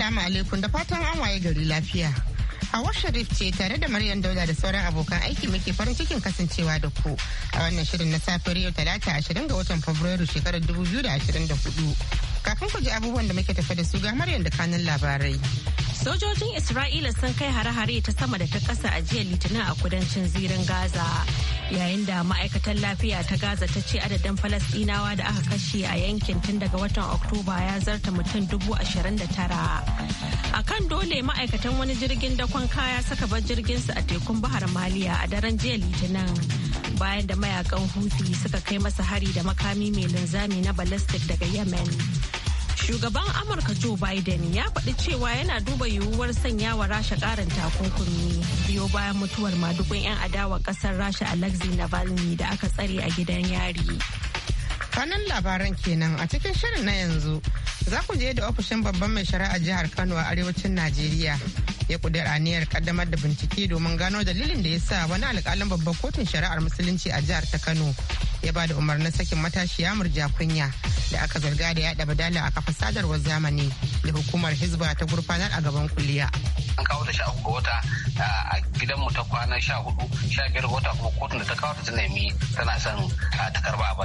Assalamu alaikum da fatan an waye gari lafiya. Hawa Sharif ce tare da Maryam Dauda da sauran abokan aiki muke farin cikin kasancewa da ku a wannan shirin na safiyar yau talata ashirin ga watan Fabrairu shekarar dubu biyu da ashirin da hudu. Kafin ku ji abubuwan da muke tafe da su ga Maryam da kanun labarai. Sojojin Isra'ila sun kai hare-hare ta sama da ta kasa a jiya Litinin a kudancin zirin Gaza. Yayin da ma'aikatan lafiya ta Gaza ta ce adadin Falasɗinawa da aka kashe a yankin tun daga watan Oktoba ya zarta mutum dubu ashirin da tara. A kan dole ma'aikatan wani jirgin dakon kaya saka bar su a tekun Bahar Maliya a daren jiya Litinin. Bayan da mayakan Houthi suka kai masa hari da makami mai linzami na balastik daga Yemen. Shugaban Amurka Joe Biden ya faɗi cewa yana duba yiwuwar sanyawa Rasha ƙarin takunkumi biyo bayan mutuwar madugun 'yan adawa ƙasar Rasha Alexei Navalny da aka tsare a gidan yari. kanan labaran kenan a cikin shirin na yanzu za ku je da ofishin babban mai shari'a jihar kano a arewacin najeriya ya kudura aniyar kaddamar da bincike domin gano dalilin da ya sa wani alkalin babban kotun shari'ar musulunci a jihar ta kano ya ba da umarnin sakin matashiya murja kunya da aka zarga da yaɗa badala a kafa sadarwar zamani da hukumar hizba ta gurfanar a gaban kuliya. an kawo ta sha'awar ga wata a gidanmu ta kwana sha hudu sha biyar wata kuma kotun da ta kawo ta ta tana son ta karba ba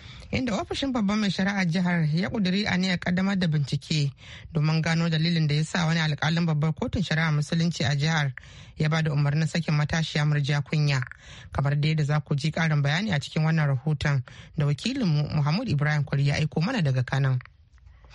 inda ofishin babban mai shari'a jihar ya kuduri aniyar kaddamar da bincike domin gano dalilin da ya sa wani alkalin babbar kotun shari'a musulunci a jihar ya ba da umarnin sakin matashiya murja kunya kamar da za ku ji karin bayani a cikin wannan rahoton da wakilinmu muhammad ibrahim kwari ya aiko mana daga kanan.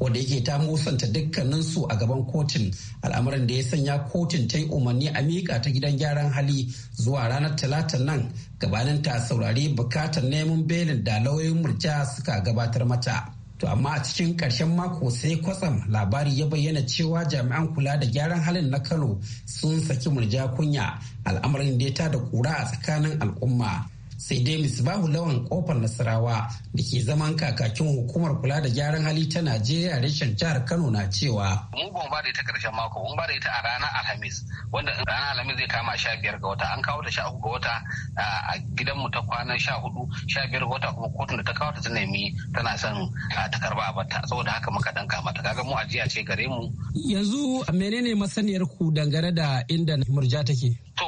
wanda yake ta musanta dukkanin su a gaban kotun al'amarin da ya sanya kotun ta yi umarni a miƙa ta gidan gyaran hali zuwa ranar talatan nan gabanin ta saurari bukatar neman belin da lauyoyin murja suka gabatar mata to amma a cikin karshen mako sai kwatsam labari ya bayyana cewa jami'an kula da gyaran halin na kano sun saki murja kunya al'amarin da ya tada kura a tsakanin al'umma sai dai babu lawan kofar nasarawa da ke zaman kakakin hukumar kula da gyaran hali ta najeriya reshen jihar kano na cewa mu ba ba da ita karshen mako mun ba da ita a ranar alhamis wanda ranar alhamis zai kama sha biyar ga wata an kawo ta sha uku ga wata a gidanmu ta kwanan sha hudu sha biyar ga wata kuma kotun da ta kawo ta ta nemi tana son ta karba a bata saboda haka muka dan kama ta kaga mu ajiya ce gare mu yanzu menene masaniyar ku dangane da inda murja take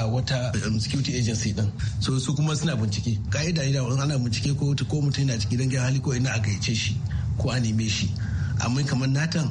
a wata um, security agency din so su kuma suna bincike ka'ida ida ana bincike ko mutum yana cikin dangin hali ko ina a gayyace shi ko a neme shi amma kamar natan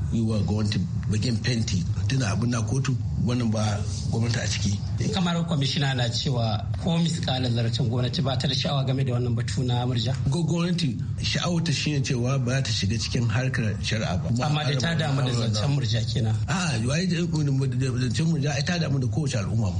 yi wa gwamnati bakin fenti tuna abin na kotu wannan ba gwamnati a ciki. kamar kwamishina na cewa ko misƙala zarafin gwamnati ba ta da sha'awa game da wannan batu na murja. gwamnati sha'awata shine cewa ba ta shiga cikin harkar shari'a ba. amma da ta damu da zancen murja kenan. Ah, a zancen murja ai ta damu da kowace al'umma mu.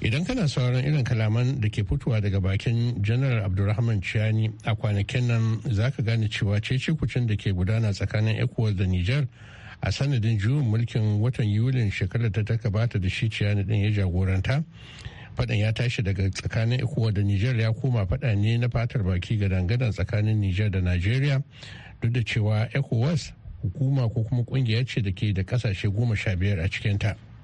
idan kana sauran irin kalaman da ke fitowa daga bakin janar abdulrahman chiani a kwanakin nan za ka gane cewa cecikucin da ke gudana tsakanin ecuador da niger a sanadin juyin mulkin watan yulin shekarar ta ta gabata da shi chiani din ya jagoranta fadan ya tashi daga tsakanin ecuador da niger ya koma fada ne na fatar baki ga dangadan tsakanin niger da nigeria duk da cewa ecowas hukuma ko kuma kungiya ce da ke da kasashe goma sha biyar a cikinta. ta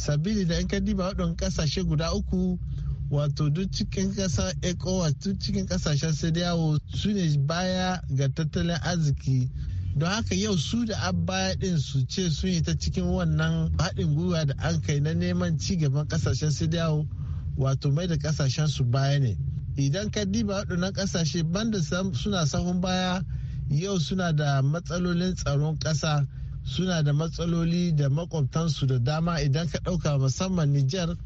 sabili da yan ka diba ƙasashe guda uku wato duk cikin ƙasar ecowas duk cikin ƙasashen sadiyawo su ne baya ga tattalin arziki don haka yau su da abaya din su ce sun yi ta cikin wannan haɗin gwiwa da an kai na neman ci gaban ƙasashen sadiyawo wato mai da ƙasashen su baya ne idan ka diba waɗannan kasashe banda suna sahun baya yau suna da matsalolin tsaron ƙasa suna da matsaloli da makwabtansu da dama idan ka ɗauka musamman Nijar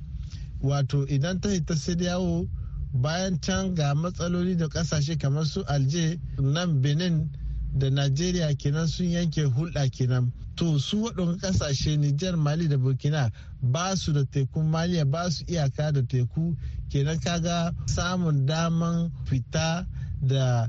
wato idan ta hita sai yawo bayan can ga matsaloli da kasashe kamar su Alje nan Benin da nigeria kenan sun yanke hulɗa kenan. To su waɗanda kasashe Nijar Mali da Burkina ba su da tekun Maliya ba su iyaka da teku kenan kaga samun daman fita da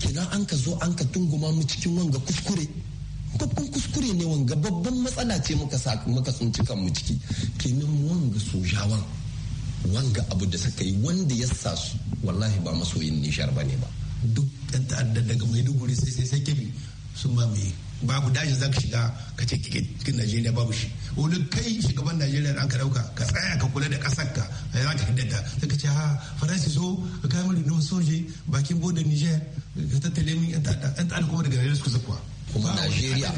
kina an ka zo an ka tunguma mu cikin wanga kuskure babban kuskure ne wanga babban matsala ce muka sa muka sun cika mu ciki kenan wanga sojawan wanga abu da suka yi wanda ya sa su wallahi ba masoyin nishar bane ba duk dan ta'adda daga maiduguri sai sai sai kebe sun mamaye babu dajin za ka shiga ka ce cikin najeriya babu shi wani kai shugaban najeriya da an ka dauka ka tsaya ka kula da kasar ka a yi ka hidda ta ka ce ha faransi so ka kai mari na soje bakin bodin niger ka tattale min yan ta'adda kuma daga najeriya suka zakuwa Kuma Najeriya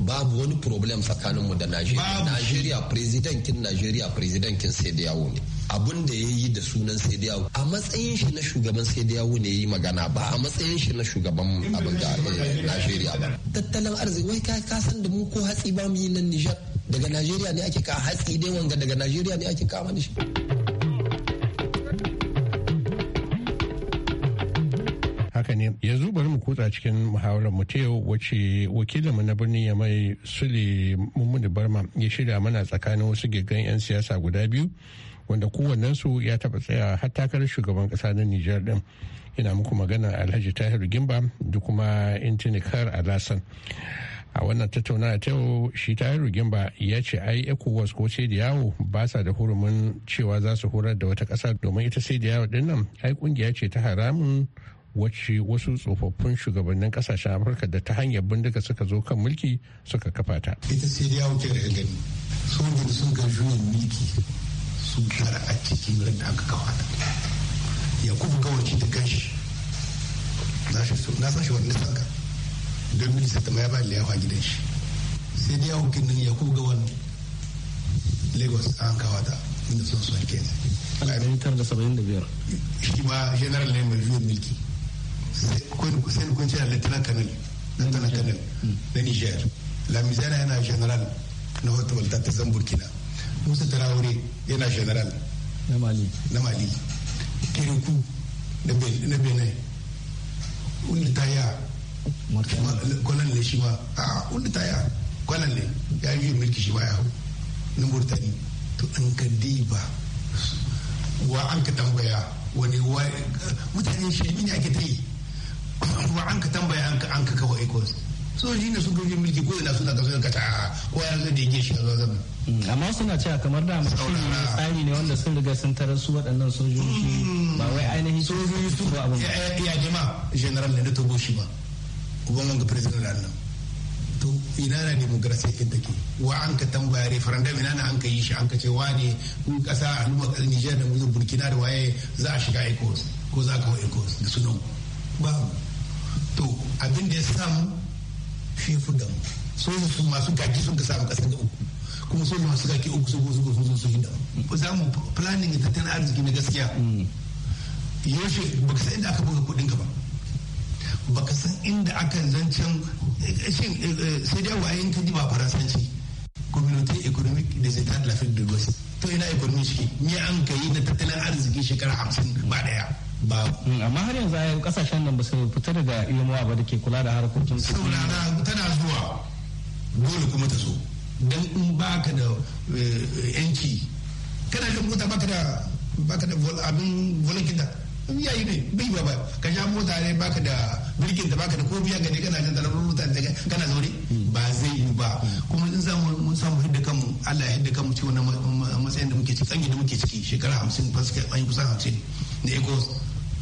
babu wani problem tsakaninmu da Najeriya. Najeriya presidentin Najeriya presidentin Sediyawo ne. Abun da ya yi da sunan Sediyawo a matsayin shi na shugaban Sediyawo ne ya yi magana ba a matsayin shi na shugaban abin da eh, Najeriya ba. Tattalin arziki wai ka san da mu ko hatsi ba mu yi nan Nijar daga Najeriya ne ake ka hatsi dai wanga daga Najeriya ne ake kama shi. haka ne ya kutsa cikin muhawarar mu yau wace wakilinmu na birnin ya mai sule mummuni barma ya shirya mana tsakanin wasu gigan 'yan siyasa guda biyu wanda kowannensu ya taɓa tsaya har takarar shugaban ƙasa na Nijar din Ina muku magana Alhaji Tahiru Gimba da kuma Intinikar Alasan. A wannan tattaunawa ta yau shi Tahiru Gimba ya ce ai ECOWAS ko sai da yawo ba sa da hurumin cewa za su horar da wata kasa domin ita sai da yawo ai ƙungiya ce ta haramun wacce wasu tsofaffin shugabannin kasashen afirka da ta hanyar bindiga suka zo kan mulki suka kafa ta ita sai dai yawon da gani saboda sun ga juyin mulki sun tara a ciki da aka kawo ta yakubu gawaci da kanshi na san shi wani nisan ka don minista ta ya bayan liyafa gidan shi sai dai yawon kinnin kuma gawan lagos an kawo ta inda sun son kenan. al'adun tara da saba'in da biyar. shi ma general ne mai juyin mulki sai kun ce da lieutenant colonel lieutenant colonel na hmm. niger lamizana yana general na hoto walta ta zan burkina musa tarawore yana general na mali na mali kiriku na benin unitaya kwanan ne shi ma a unitaya kwanan ne ya yi mulki shi ma ya hau na murtani to an ka diba wa an ka tambaya wani mutane shi ne ake ta yi kuma an ka tambaya an ka ka kawo ecos sojoji ne sun gajin mulki ko ina suna kaso zai kata ko ya zai da yake shi zuwa zama hmm, amma suna cewa kamar da mutum tsari ne wanda sun riga sun tarar su waɗannan sojoji hmm. ba wai ainihin sojoji su ba abin ya jama general ne da tobo shi ba uban ga president da to ina na demokrasiya kin take wa an ka tambaya referendum ina na an ka yi shi an ka ce wa ne in kasa al'umma kasar Niger da mu Burkina da waye za a shiga ECOWAS ko za ka wa ECOWAS da sunan ba to abin da ya samu shi fi damu so su masu gaki sun ka samu kasar da uku kuma so masu gaki uku su gozu gozu sun suhi damu za mu planning tattalin arziki na gaskiya yaushe baka san inda aka buga kudin ka ba baka san inda aka zancen eh, shi eh, eh, sai dai wayan ka ba faransanci community economic des états de l'Afrique de l'Ouest to ina economy shi ne an kai na tattalin arziki shekara 50 ba daya ba mm, amma har yanzu ayyukan kasashen nan ba su fita daga iyamuwa ba da ke kula da harkokin su saurara tana zuwa dole kuma ta zo don in ba ka da eh, yanki kana da mota ba ka da ba ka da abin volankin da yi ne bai ba ba ka sha mota ne ba ka da birkin da ba ka da ko biya gani kana jin talabar mota da kana zaune ba zai yi ba kuma in samu mun samu hidda kanmu Allah ya hidda kanmu cikin na matsayin da muke ciki kanyi da muke ciki shekara 50 fasika an kusan 50 ne ecos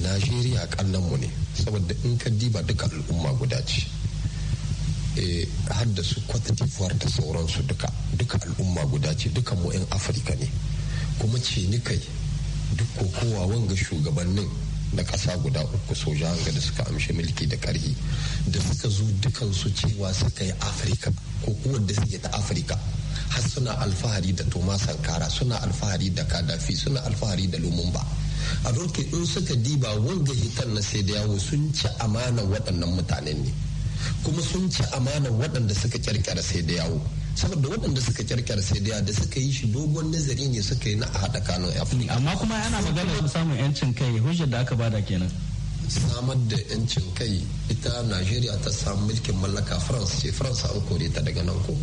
najeriya kannan mu ne saboda in ka diba duka al'umma guda ce eh, har da su d'Ivoire da sauransu duka duka al'umma guda ce duka mu 'yan afirka ne kuma ce ni kai duk kokowa wanga shugabannin na ƙasa guda uku soja hanga da suka amshi mulki da ƙarhi da suka zo dukansu cewa suka yi afirka ko kuwa da suke ta afirka har suna alfahari da toma sankara suna alfahari da kadafi suna alfahari da lumumba a rufe in suka diba wanga hitar na sai da yawo sun ci amanar waɗannan mutanen ne kuma sun ci amanar waɗanda suka kirkira sai da yawo saboda waɗanda suka kirkira sai da da suka yi shi dogon nazari ne suka yi na a haɗa kano fi amma kuma yana magana samun yancin kai hujjar da aka bada kenan samar da yancin kai ita najeriya ta samu mulkin mallaka france ce france an kore ta daga nan ko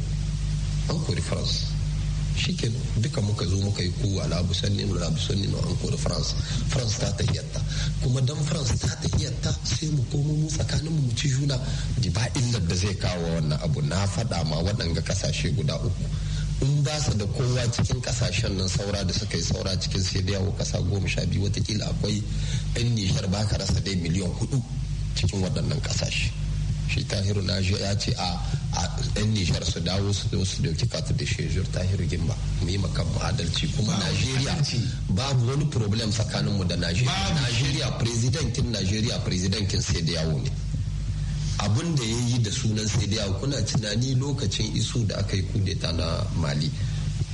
an kori france shikin duka muka zo muka yi kowa la abu sanni la abu sanni no an kori france france ta yatta kuma dan france ta ta yatta sai mu komo mu tsakanin mu ci juna ba illar da zai kawo wannan abu na faɗa ma waɗanga kasashe guda uku in ba su da kowa cikin kasashen nan saura da suka yi saura cikin sai da yawo kasa goma sha biyu watakila akwai yan nishar baka rasa dai miliyan hudu cikin waɗannan kasashe shi tahiru na ya ce a yan nishar su dawo su zo su dauki katu da shejur tahiru gimba mu yi makan adalci kuma najeriya babu wani problem mu da najeriya najeriya presidentin najeriya presidentin sai da yawo ne abin da ya yi da sunan sai da yawo kuna tunani lokacin iso da aka yi kudeta na mali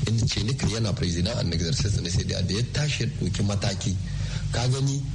in ce nika yana president an exercise na sai da ya tashi doki mataki ka gani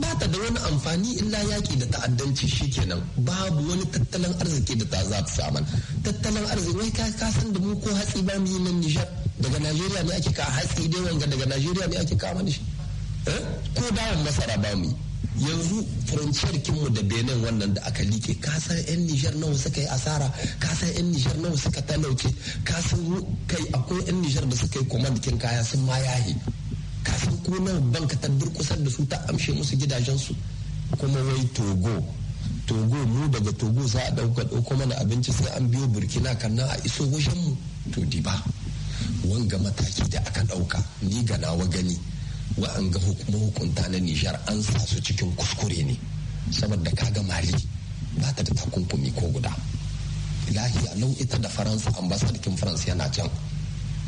ba ta da wani amfani illa yaƙi da ta'addanci shi kenan babu wani tattalin arziki da ta za ta samu tattalin arziki wai ka san da mu ko hatsi ba mu yi nan Nijar daga Najeriya ne ake ka hatsi dai wanga daga Najeriya ne ake kama shi eh? ko dawon masara ba mu yanzu frontier kinmu da Benin wannan da aka like kasan yan Nijar nawa suka yi asara kasan yan Nijar nawa suka talauke kasan kai akwai yan Nijar da suka yi command kin kaya sun ma yahi farko na banka ta durkusar da su ta amshe musu gidajensu kuma wai togo togo mu daga togo za a dauka dauko mana abinci sai an biyo burkina na a iso goshen mu to di ba wanga mataki da aka dauka ni ga nawa gani wa an ga mahukunta na nijar an sa su cikin kuskure ne saboda kaga mali ba ta da takunkumi ko guda lahiya lau ita da faransa ambasadakin faransa yana can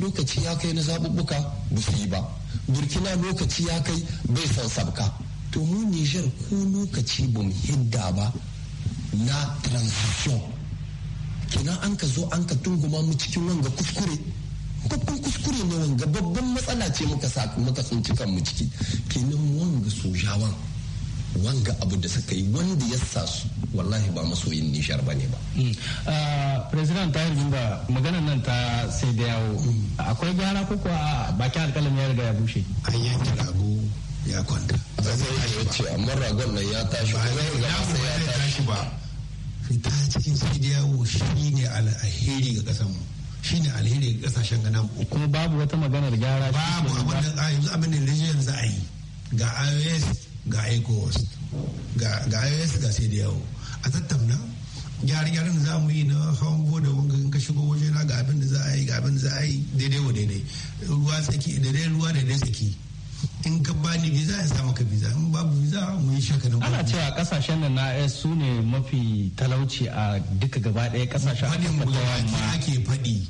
lokaci ya kai na zaɓuɓɓuka ba su yi ba burkina lokaci ya kai bai son sabka to mu nijar ko lokaci ba mu hidda ba na transition kina an ka zo an ka tunguma mu cikin wanga kuskure babban kuskure ne wanga babban matsala ce muka muka tsinci mu ciki kenan wanga sojawan wanga abu da suka yi wanda ya sa su wallahi ba masoyin nishar ba ne ba. Mm. Ah, president ta yi ba magana nan ta sai da yawo mm. akwai gyara kuku a ah, baki alkalin ya riga ya bushe. an yanke rago ya kwanta. ba zai tashi ce amma ragon nan ya tashi ba zai tashi ba. fita cikin sai da yawo shi ne alheri ga mu shi ne alheri ga kasashen gana uku. kuma babu wata maganar gyara. babu abin da yanzu abin da yanzu a yi ga ios ga ecowas ga ios ga sai a tattauna gyare-gyaren da za mu yi na hawan boda wanga in ka shigo waje na ga abin da za a yi ga abin da za a yi daidai wa daidai ruwa tsaki daidai ruwa daidai tsaki in ka bani visa ya samu ka visa in babu visa mu yi shaka na ana cewa kasashen da na su ne mafi talauci a duka gaba ɗaya kasashen hadin bulawaki ake faɗi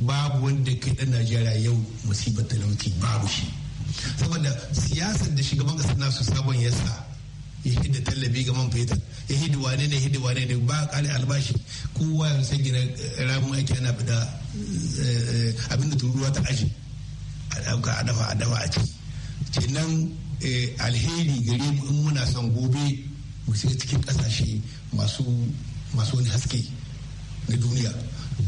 babu wanda ke ɗan najeriya yau musibar talauci babu shi saboda siyasar da shugaban kasa na su sabon yasa ya hidda tallafi ga man fetur ya hidda wane ne hidda wane ne ba kare albashi kowa ya san gina eh, ramin aiki yana fita eh, abinda turuwa ta aji a dafa a dafa a ci kenan eh, alheri gare mu in muna son gobe mu shiga cikin kasashe masu wani haske na duniya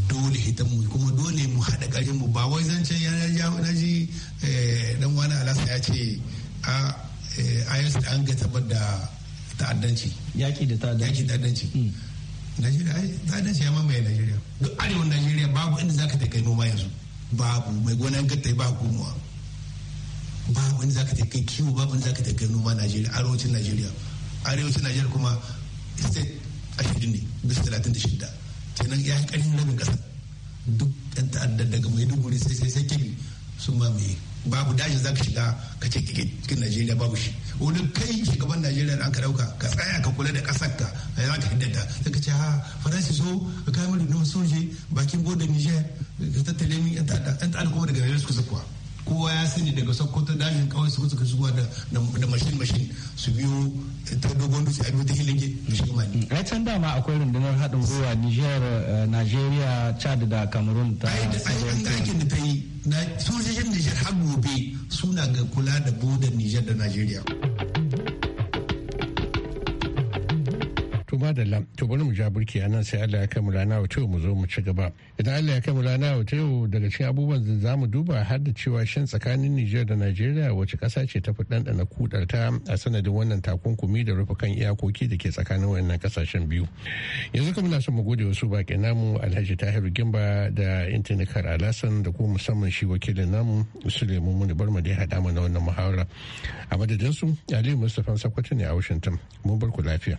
dole ita mu kuma dole mu haɗa ƙarfin mu ba wai zancen ya ya naji eh, dan wani alasa ya ce a ayas eh, da an ga tabar da ta'addanci yaki da ta'addanci yaki ta'addanci mm. Najeriya ta'addanci ya mamaye Najeriya duk arewa Najeriya babu inda zaka ta kai noma yanzu babu mai gonan gatta ba komowa babu inda zaka ta kai kiwo babu inda zaka ta kai noma Najeriya arewacin Najeriya arewacin Najeriya kuma state ashirin ne bis talatin da shidda kenan ya ƙarin rabin ƙasa duk yan ta'addar daga mai duburi sai sai sai kemi sun mamaye babu daji za ka shiga ka ce cikin najeriya babu shi wani kai shugaban najeriya da aka dauka ka tsaya ka kula da kasar ka a za ka hiddata sai ka ce ha faransi so ka kai mana na soje bakin bodin niger ka tattale min yan ta'adda yan ta'adda kuma daga najeriya suka zakuwa kowa ya sani daga sokoto dajin kawai su suka zuwa da mashin mashin su biyo ta dogon dutse a ta hilinge da shi mali. Mm. ai can dama akwai rundunar haɗin gwiwa niger eh, nigeria chad da cameroon ta yi da aikin da ta yi sojojin niger har gobe suna ga kula da bodar niger da nigeria. madalla to bari mu ja burki a nan sai Allah ya kai mu rana wato mu zo mu ci gaba idan Allah ya kai mu rana wato daga cikin abubuwan da zamu duba har da cewa shan tsakanin Niger da Najeriya wace kasa ce ta fi ɗanɗana kudarta a sanadin wannan takunkumi da rufe kan iyakoki da ke tsakanin wannan kasashen biyu yanzu kuma na son mu gode wasu baƙi namu Alhaji tahir Gimba da Kar Alasan da kuma musamman shi wakilin namu Suleiman Muni Barma da ya haɗa mana wannan muhawara a su Aliyu Mustapha Sakwato ne a Washington mun bar ku lafiya.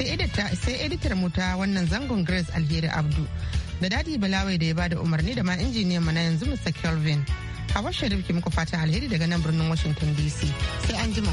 sai editar mu ta wannan zangon grace alheri abdu da dadi balawai da ya bada umarni da ma injiniyan mu na yanzu mr kelvin a washe da muku fatan alheri daga nan birnin washington dc sai an jima.